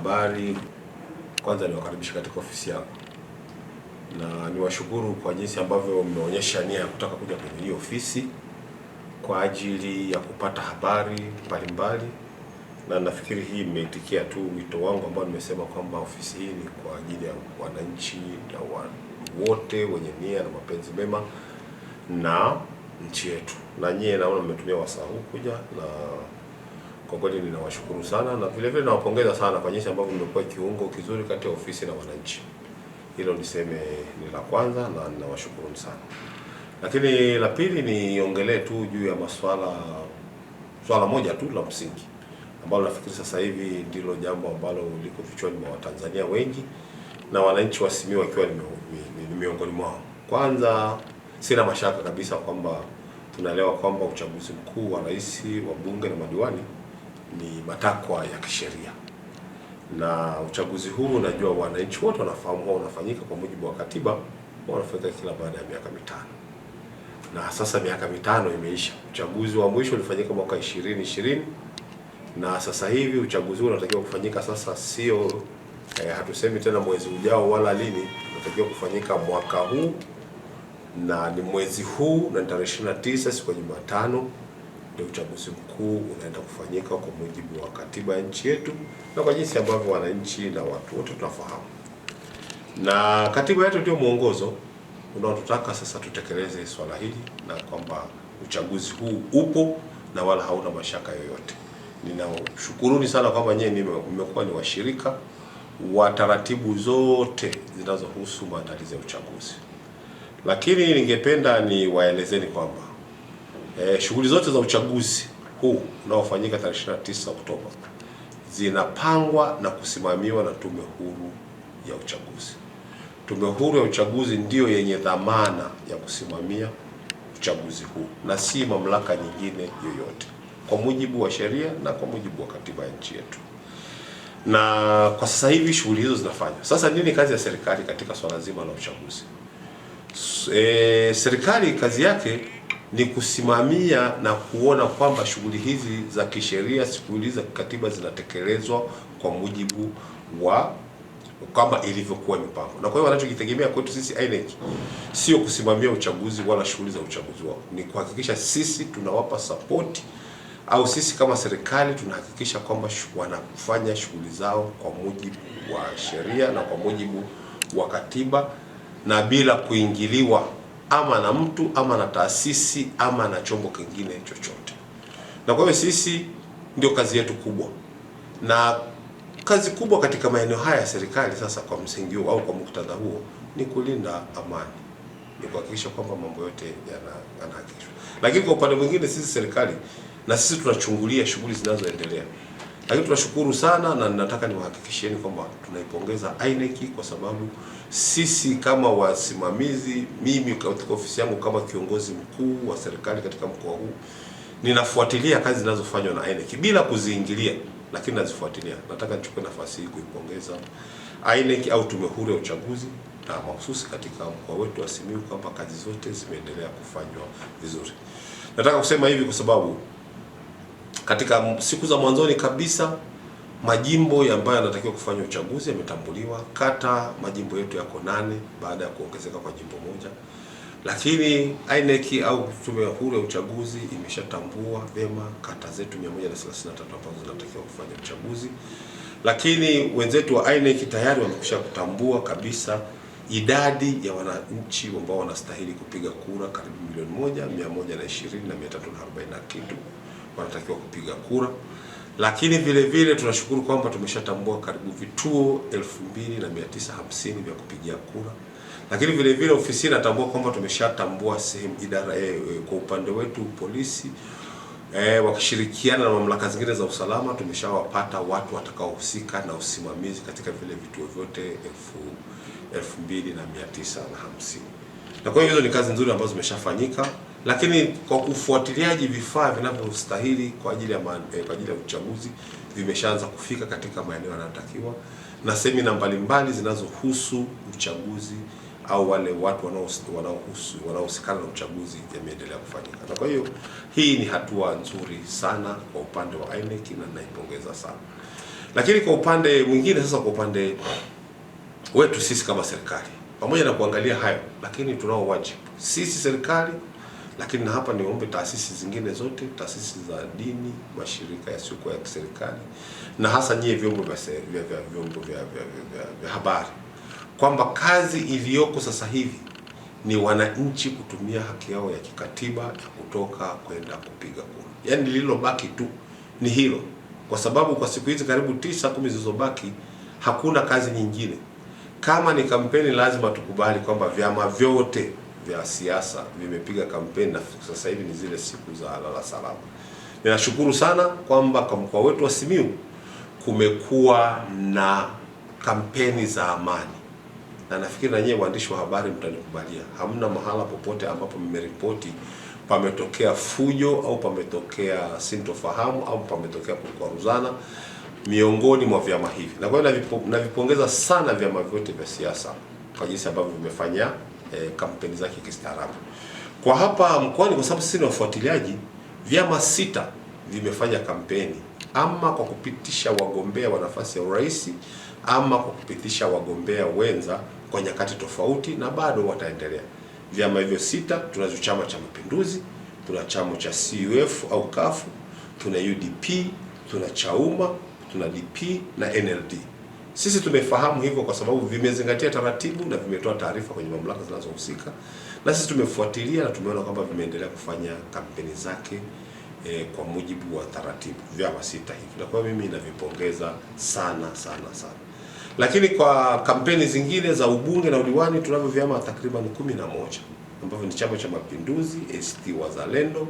habari, kwanza niwakaribisha katika ofisi yako na niwashukuru kwa jinsi ambavyo mmeonyesha nia ya kutaka kuja kwenye hii ofisi kwa ajili ya kupata habari mbalimbali, na nafikiri hii imeitikia tu wito wangu ambao nimesema kwamba ofisi hii ni kwa ajili ya wananchi na wote wenye nia na mapenzi mema na nchi yetu, na nyie naona mmetumia wasaa huu kuja na kwa kweli ninawashukuru sana na vile vile nawapongeza sana kwa jinsi ambavyo mmekuwa kiungo kizuri kati ya ofisi na wananchi. Hilo niseme ni la kwanza na ninawashukuru sana. Lakini la pili niongelee tu juu ya masuala swala moja tu la msingi ambalo nafikiri sasa hivi ndilo jambo ambalo liko vichwani mwa Watanzania wengi na wananchi wa Simiyu wakiwa ni miongoni mwao. Kwanza sina mashaka kabisa kwamba tunaelewa kwamba uchaguzi mkuu wa rais, wa bunge na madiwani ni matakwa ya kisheria, na uchaguzi huu najua wananchi wote wanafahamu huwa unafanyika kwa mujibu wa katiba, huwa kila baada ya miaka mitano, na sasa miaka mitano imeisha. Uchaguzi wa mwisho ulifanyika mwaka 2020 na sasa hivi uchaguzi huu unatakiwa kufanyika sasa, sio eh, hatusemi tena mwezi ujao wala lini, unatakiwa kufanyika mwaka huu na ni mwezi huu na tarehe 29 siku ya Jumatano ndio uchaguzi mkuu unaenda kufanyika kwa mujibu wa katiba ya nchi yetu na kwa jinsi ambavyo wananchi na watu wote tunafahamu. Na katiba yetu ndio mwongozo unaotutaka sasa tutekeleze swala hili na kwamba uchaguzi huu upo na wala hauna mashaka yoyote. Ninashukuruni sana kwamba nyewe mmekuwa ni washirika wa taratibu zote zinazohusu maandalizi ya uchaguzi, lakini ningependa niwaelezeni kwamba eh, shughuli zote za uchaguzi huu unaofanyika tarehe 29 Oktoba zinapangwa na kusimamiwa na Tume Huru ya Uchaguzi. Tume Huru ya Uchaguzi ndiyo yenye dhamana ya kusimamia uchaguzi huu na si mamlaka nyingine yoyote, kwa mujibu wa sheria na kwa mujibu wa katiba ya nchi yetu. Na kwa sasa hivi shughuli hizo zinafanywa. Sasa nini kazi ya serikali katika swala zima la uchaguzi? E, serikali kazi yake ni kusimamia na kuona kwamba shughuli hizi za kisheria, shughuli hizi za kikatiba zinatekelezwa kwa mujibu wa kama ilivyokuwa mipango. Na kwa hiyo wanachokitegemea kwetu sisi INEC sio kusimamia uchaguzi wala shughuli za uchaguzi wao, ni kuhakikisha sisi tunawapa sapoti au sisi kama serikali tunahakikisha kwamba wanafanya shughuli zao kwa mujibu wa sheria na kwa mujibu wa katiba na bila kuingiliwa ama na mtu ama na taasisi ama na chombo kingine chochote. Na kwa hiyo sisi ndio kazi yetu kubwa, na kazi kubwa katika maeneo haya ya serikali sasa, kwa msingi huo au kwa muktadha huo, ni kulinda amani, ni kuhakikisha kwamba mambo yote yanahakikishwa. Lakini kwa upande mwingine, sisi serikali na sisi tunachungulia shughuli zinazoendelea, lakini tunashukuru sana, na ninataka niwahakikishieni kwamba tunaipongeza INEC kwa sababu sisi kama wasimamizi, mimi katika ofisi yangu kama kiongozi mkuu wa serikali katika mkoa huu ninafuatilia kazi zinazofanywa na INEC bila kuziingilia, lakini nazifuatilia. Nataka nichukue nafasi hii kuipongeza INEC au Tume Huru ya Uchaguzi na mahususi katika mkoa wetu wa Simiyu kwamba kazi zote zimeendelea kufanywa vizuri. Nataka kusema hivi kwa sababu katika siku za mwanzoni kabisa Majimbo ambayo yanatakiwa kufanya uchaguzi yametambuliwa. Kata majimbo yetu yako nane baada ya kuongezeka kwa jimbo moja, lakini INEC au Tume Huru ya Uchaguzi imeshatambua vema kata zetu 133 ambazo zinatakiwa kufanya uchaguzi, lakini wenzetu wa INEC tayari wamekusha kutambua kabisa idadi ya wananchi ambao wanastahili kupiga kura karibu milioni moja mia moja na ishirini na mia tatu na arobaini na kitu wanatakiwa kupiga kura lakini vile vile tunashukuru kwamba tumeshatambua karibu vituo 2950 vya kupigia kura, lakini vile vile ofisi inatambua kwamba tumeshatambua sehemu idara e, e, kwa upande wetu polisi e, wakishirikiana na mamlaka zingine za usalama tumeshawapata watu watakaohusika na usimamizi katika vile vituo vyote 2950 na kwa hiyo hizo ni kazi nzuri ambazo zimeshafanyika lakini kwa kufuatiliaji vifaa vinavyostahili kwa ajili ya eh, kwa ajili ya uchaguzi vimeshaanza kufika katika maeneo yanayotakiwa na semina mbalimbali zinazohusu uchaguzi au wale watu wanaohusikana na uchaguzi yameendelea kufanyika, na kwa hiyo hii ni hatua nzuri sana kwa upande wa INEC na naipongeza sana. Lakini kwa upande mwingine sasa, kwa upande wetu sisi kama serikali, pamoja na kuangalia hayo, lakini tunao wajibu sisi serikali lakini na hapa niombe taasisi zingine zote, taasisi za dini, mashirika yasiyokuwa ya kiserikali na hasa nyie vyombo vya vya vyombo vya, vya, vya, vya habari kwamba kazi iliyoko sasa hivi ni wananchi kutumia haki yao ya kikatiba ya kutoka kwenda kupiga kura. Yaani lililobaki tu ni hilo, kwa sababu kwa siku hizi karibu tisa kumi zilizobaki hakuna kazi nyingine. Kama ni kampeni, lazima tukubali kwamba vyama vyote vya siasa vimepiga kampeni na sasa hivi ni zile siku za lala salama. Ninashukuru sana kwamba kwa mkoa wetu wa Simiyu kumekuwa na kampeni za amani, na nafikiri na nyewe waandishi wa habari mtanikubalia, hamna mahala popote ambapo mmeripoti pametokea fujo au pametokea sintofahamu au pametokea kukwaruzana miongoni mwa vyama hivi, na kwa hiyo navipongeza sana vyama vyote vya siasa kwa jinsi ambavyo vimefanya eh, kampeni zake kistaarabu. Kwa hapa mkoani, kwa sababu sisi ni wafuatiliaji, vyama sita vimefanya kampeni ama kwa kupitisha wagombea wa nafasi ya urais ama kwa kupitisha wagombea wenza kwa nyakati tofauti, na bado wataendelea. Vyama hivyo sita, tunazo Chama cha Mapinduzi, tuna chama cha CUF au CUF, tuna UDP, tuna Chauma, tuna DP na NLD. Sisi tumefahamu hivyo kwa sababu vimezingatia taratibu na vimetoa taarifa kwenye mamlaka zinazohusika, na sisi tumefuatilia na tumeona kwamba vimeendelea kufanya kampeni zake eh, kwa mujibu wa taratibu, vyama sita hivi, na kwa mimi navipongeza sana sana sana. Lakini kwa kampeni zingine za ubunge na udiwani tunavyo vyama takriban kumi na moja ambavyo ni Chama cha Mapinduzi, ACT Wazalendo,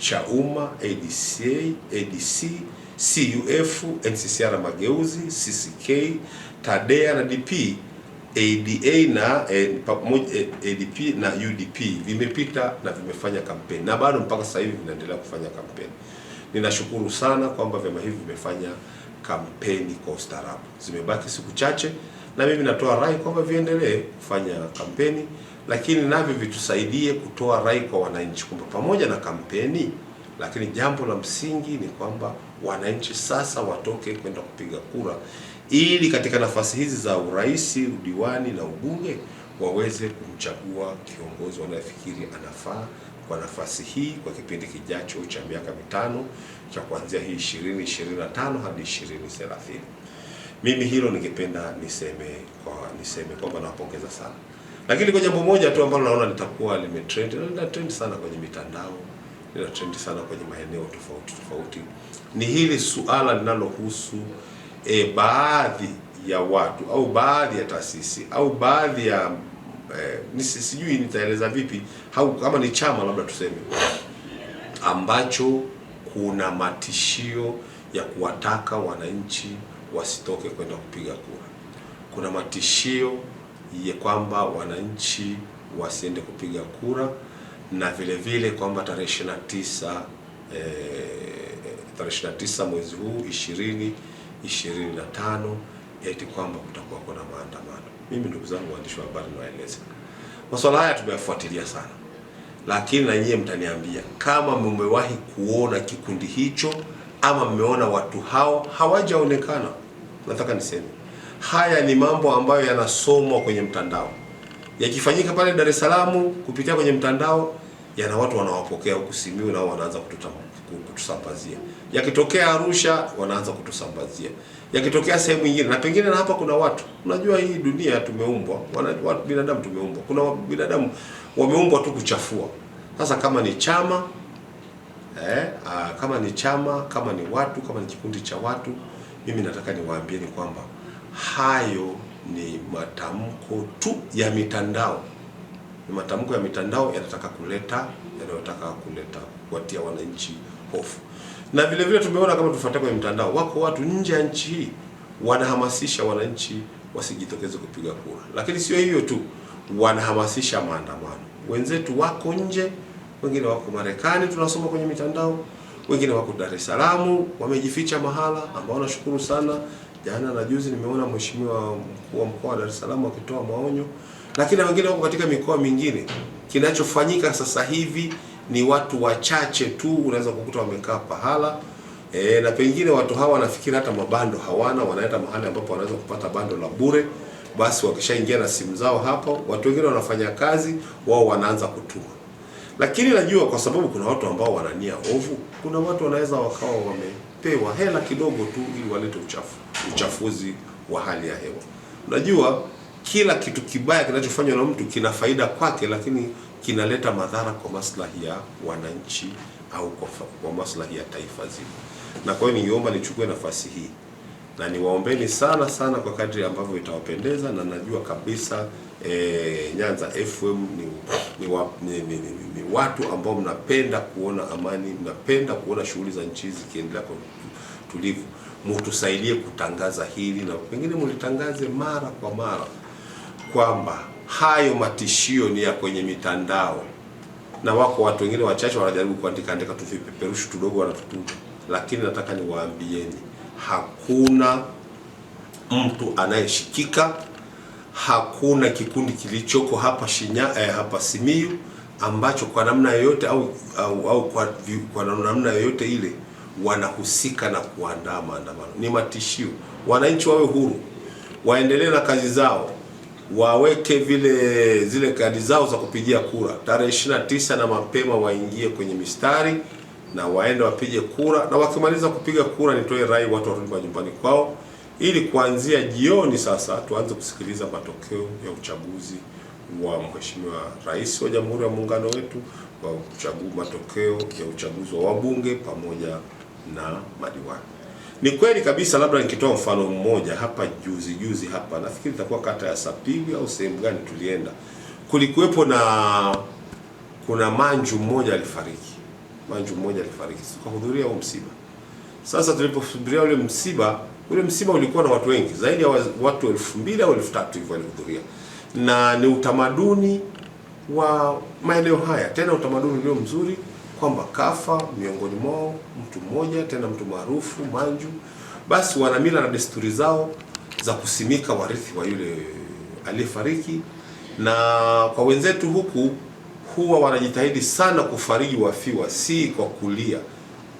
Chauma, ADC, ADC CUF, NCCR Mageuzi, CCK, TADEA na DP ADA na eh, ADP eh, na UDP vimepita na vimefanya kampeni na bado mpaka sasa hivi vinaendelea kufanya kampeni. Ninashukuru sana kwamba vyama hivi vimefanya kampeni kwa ustaarabu. Zimebaki siku chache, na mimi natoa rai kwamba viendelee kufanya kampeni, lakini navyo vitusaidie kutoa rai kwa wananchi kwamba pamoja na kampeni lakini jambo la msingi ni kwamba wananchi sasa watoke kwenda kupiga kura ili katika nafasi hizi za urais, udiwani na ubunge waweze kumchagua kiongozi wanayefikiri anafaa kwa nafasi hii kwa kipindi kijacho cha miaka mitano cha kuanzia hii 2025 hadi 2030. Mimi hilo ningependa niseme kwa niseme kwamba nawapongeza sana, lakini kwa jambo moja tu ambalo naona litakuwa limetrend na trend sana kwenye mitandao lina trendi sana kwenye maeneo tofauti tofauti, ni hili suala linalohusu e, baadhi ya watu au baadhi ya taasisi au baadhi ya e, eh, nisi, sijui nitaeleza vipi au kama ni chama labda tuseme ambacho kuna matishio ya kuwataka wananchi wasitoke kwenda kupiga kura. Kuna matishio ya kwamba wananchi wasiende kupiga kura na vile vile kwamba tarehe 29 eh, tarehe 29 mwezi huu 20 25 eti kwamba kutakuwa kuna maandamano. Mimi ndugu zangu waandishi wa habari, nawaeleza masuala haya tumeyafuatilia sana, lakini na nyie mtaniambia kama mmewahi kuona kikundi hicho ama mmeona watu hao hawajaonekana. Nataka niseme haya ni mambo ambayo yanasomwa kwenye mtandao yakifanyika pale Dar es Salaam kupitia kwenye mtandao, yana watu wanawapokea huku Simiyu, nao wanaanza kutusambazia. Yakitokea Arusha, wanaanza kutusambazia. Yakitokea sehemu nyingine, na pengine na hapa kuna watu, unajua hii dunia tumeumbwa, watu binadamu tumeumbwa, kuna binadamu wameumbwa tu kuchafua. Sasa kama ni chama eh, aa, ah, kama ni chama, kama ni watu, kama ni kikundi cha watu, mimi nataka niwaambieni kwamba hayo ni matamko tu ya mitandao, ni matamko ya mitandao yanataka kuleta yanayotaka kuleta kuwatia wananchi hofu. Na vile vile tumeona kama tufuatia kwenye mitandao, wako watu nje ya nchi hii wanahamasisha wananchi wasijitokeze kupiga kura, lakini sio hivyo tu, wanahamasisha maandamano. Wenzetu wako nje, wengine wako Marekani, tunasoma kwenye mitandao, wengine wako Dar es Salaam, wamejificha mahala ambao nashukuru sana jana na juzi nimeona mheshimiwa mkuu wa mkoa wa Dar es Salaam akitoa maonyo, lakini wengine wako katika mikoa mingine. Kinachofanyika sasa hivi ni watu wachache tu unaweza kukuta wamekaa pahala e, na pengine watu hawa wanafikiri hata mabando hawana, wanaenda mahali ambapo wanaweza kupata bando la bure. Basi wakishaingia na simu zao hapo, watu wengine wanafanya kazi wao wanaanza kutuma, lakini najua kwa sababu kuna watu ambao wanania ovu, kuna watu wanaweza wakawa wamepewa hela kidogo tu ili walete uchafu uchafuzi wa hali ya hewa. Unajua, kila kitu kibaya kinachofanywa na mtu kina faida kwake, lakini kinaleta madhara kwa maslahi ya wananchi au kwa, kwa maslahi ya taifa zima. Na kwa hiyo niomba nichukue nafasi hii na niwaombeni sana sana kwa kadri ambavyo itawapendeza, na najua kabisa e, Nyanza FM ni, ni, wa, ni, ni, ni, ni, ni watu ambao mnapenda kuona amani, mnapenda kuona shughuli za nchi zikiendelea kwa tulivu mtusaidie kutangaza hili na pengine mulitangaze mara kwa mara kwamba hayo matishio ni ya kwenye mitandao, na wako watu wengine wachache wanajaribu kuandika andika tu vipeperushi tudogo wanatutuma, lakini nataka niwaambieni, hakuna mtu anayeshikika, hakuna kikundi kilichoko hapa Shinya, eh, hapa Simiyu ambacho kwa namna yoyote au, au, au kwa, kwa namna yoyote ile wanahusika na kuandaa maandamano. Ni matishio. Wananchi wawe huru, waendelee na kazi zao, waweke vile zile kadi zao za kupigia kura tarehe 29 na mapema, waingie kwenye mistari na waende wapige kura, na wakimaliza kupiga kura, nitoe rai watu warudi majumbani kwao, ili kuanzia jioni sasa tuanze kusikiliza matokeo ya uchaguzi wa Mheshimiwa Rais wa Jamhuri ya Muungano wetu, matokeo ya uchaguzi wa wabunge pamoja na madiwani. Ni kweli kabisa, labda nikitoa mfano mmoja hapa, juzi juzi hapa, nafikiri itakuwa kata ya Sapili au sehemu gani tulienda, kulikuwepo na kuna manju mmoja alifariki, manju mmoja alifariki, tukahudhuria huo msiba. Sasa tuliposubiria ule msiba, ule msiba ulikuwa na watu wengi zaidi ya watu elfu mbili au elfu tatu hivyo walihudhuria, na ni utamaduni wa maeneo haya, tena utamaduni ulio mzuri kwamba kafa miongoni mwao mtu mmoja, tena mtu maarufu Manju. Basi wana mila na desturi zao za kusimika warithi wa yule aliyefariki, na kwa wenzetu huku huwa wanajitahidi sana kufariji wafiwa, si kwa kulia,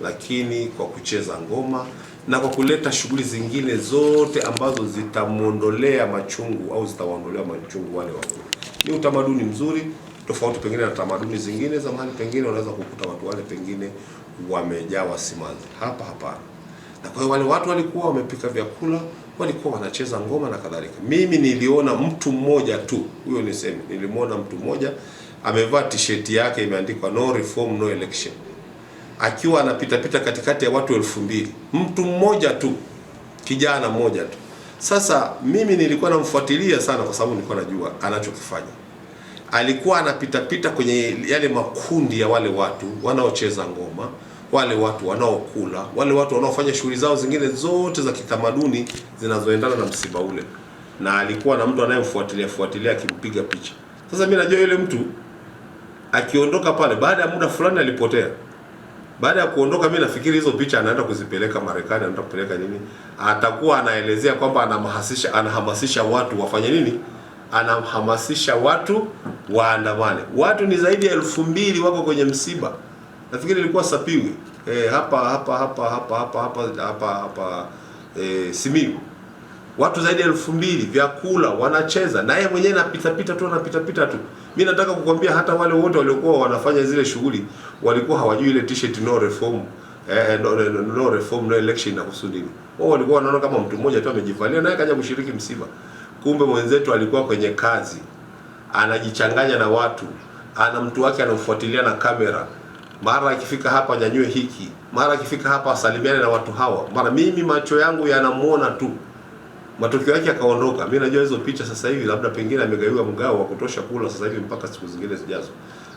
lakini kwa kucheza ngoma na kwa kuleta shughuli zingine zote ambazo zitamwondolea machungu au zitawaondolea machungu wale waku. Ni utamaduni mzuri tofauti pengine na tamaduni zingine za mahali pengine, unaweza kukuta watu wale pengine wamejawa simanzi. Hapa hapana. Na kwa hiyo wale watu walikuwa wamepika vyakula, walikuwa wanacheza ngoma na kadhalika. Mimi niliona mtu mmoja tu, huyo niseme, nilimwona mtu mmoja amevaa t-shirt yake imeandikwa no reform no election, akiwa anapita pita katikati ya watu elfu mbili. Mtu mmoja tu, kijana mmoja tu. Sasa mimi nilikuwa namfuatilia sana, kwa sababu nilikuwa najua anachokifanya alikuwa anapitapita kwenye yale makundi ya wale watu wanaocheza ngoma, wale watu wanaokula, wale watu wanaofanya shughuli zao zingine zote za kitamaduni zinazoendana na msiba ule, na alikuwa na mtu anayemfuatilia fuatilia akimpiga picha. Sasa mimi najua yule mtu akiondoka pale, baada ya muda fulani alipotea. Baada ya kuondoka, mimi nafikiri hizo picha anaenda kuzipeleka Marekani, anaenda kupeleka nini, atakuwa anaelezea kwamba anahamasisha, anahamasisha watu wafanye nini anahamasisha watu waandamane. Watu ni zaidi ya elfu mbili wako kwenye msiba, nafikiri ilikuwa Sapiwi e, eh, hapa hapa hapa hapa hapa hapa hapa hapa e, eh, Simiu, watu zaidi ya elfu mbili vyakula, wanacheza naye mwenyewe pita tu pita tu. Mi nataka kukwambia hata wale wote waliokuwa wanafanya zile shughuli walikuwa hawajui ile t-shirt no reform eh, eh no, no, no reform no election na kusudi nini. Wao walikuwa wanaona kama mtu mmoja tu amejivalia naye kaja kushiriki msiba kumbe mwenzetu alikuwa kwenye kazi, anajichanganya na watu, ana mtu wake anamfuatilia na kamera, mara akifika hapa nyanyue hiki, mara akifika hapa asalimiane na watu hawa, mara mimi macho yangu yanamuona tu, matokeo yake akaondoka. Mimi najua hizo picha sasa hivi labda pengine amegawiwa mgao wa kutosha kula sasa hivi mpaka siku zingine zijazo,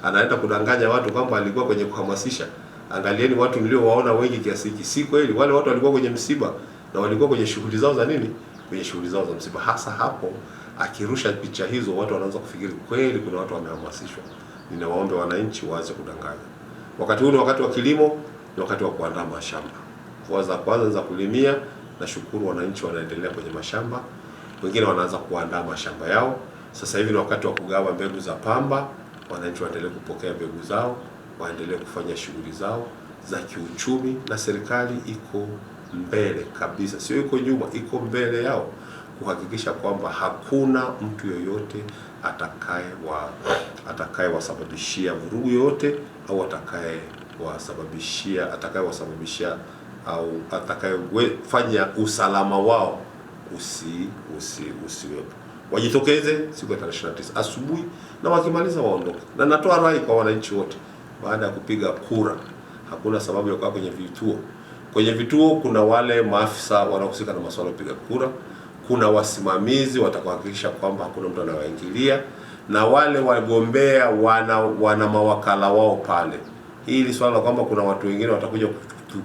anaenda kudanganya watu kwamba alikuwa kwenye kuhamasisha. Angalieni watu niliowaona wengi kiasi hiki, si kweli. Wale watu walikuwa kwenye msiba na walikuwa kwenye shughuli zao za nini kwenye shughuli zao za msiba. Hasa hapo akirusha picha hizo, watu wanaanza kufikiri kweli kuna watu wamehamasishwa. Ninawaombe wananchi waanze kudanganya. Wakati huu ni wakati wa kilimo, ni wakati wa kuandaa mashamba. Mvua za kwanza za kulimia, nashukuru wananchi wanaendelea kwenye mashamba, wengine wanaanza kuandaa mashamba yao. Sasa hivi ni wakati wa kugawa mbegu za pamba, wananchi waendelee kupokea mbegu zao, waendelee kufanya shughuli zao za kiuchumi, na serikali iko mbele kabisa, sio iko nyuma, iko mbele yao, kuhakikisha kwamba hakuna mtu yoyote atakaye wa atakayewasababishia vurugu yoyote au atakaye wasababishia au fanya usalama wao usi usi usiwepo. Wajitokeze siku ya tarehe 29 asubuhi, na wakimaliza waondoke. Na natoa rai kwa wananchi wote, baada ya kupiga kura, hakuna sababu ya kukaa kwenye vituo. Kwenye vituo kuna wale maafisa wanaohusika na masuala ya kupiga kura, kuna wasimamizi watakaohakikisha kwamba hakuna mtu anawaingilia, na wale wagombea wana, wana mawakala wao pale. Hili swala la kwamba kuna watu wengine watakuja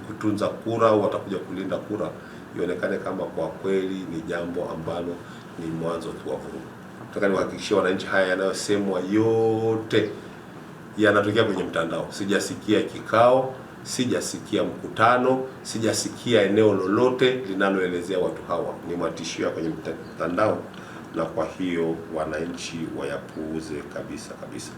kutunza kura au watakuja kulinda kura ionekane kama kwa kweli ni jambo ambalo ni mwanzo tu wa vurugu. Nataka niwahakikishie wananchi, haya yanayosemwa yote yanatokea kwenye mtandao. Sijasikia kikao sijasikia mkutano, sijasikia eneo lolote linaloelezea watu hawa ni matishio ya kwenye mtandao, na kwa hiyo wananchi wayapuuze kabisa kabisa.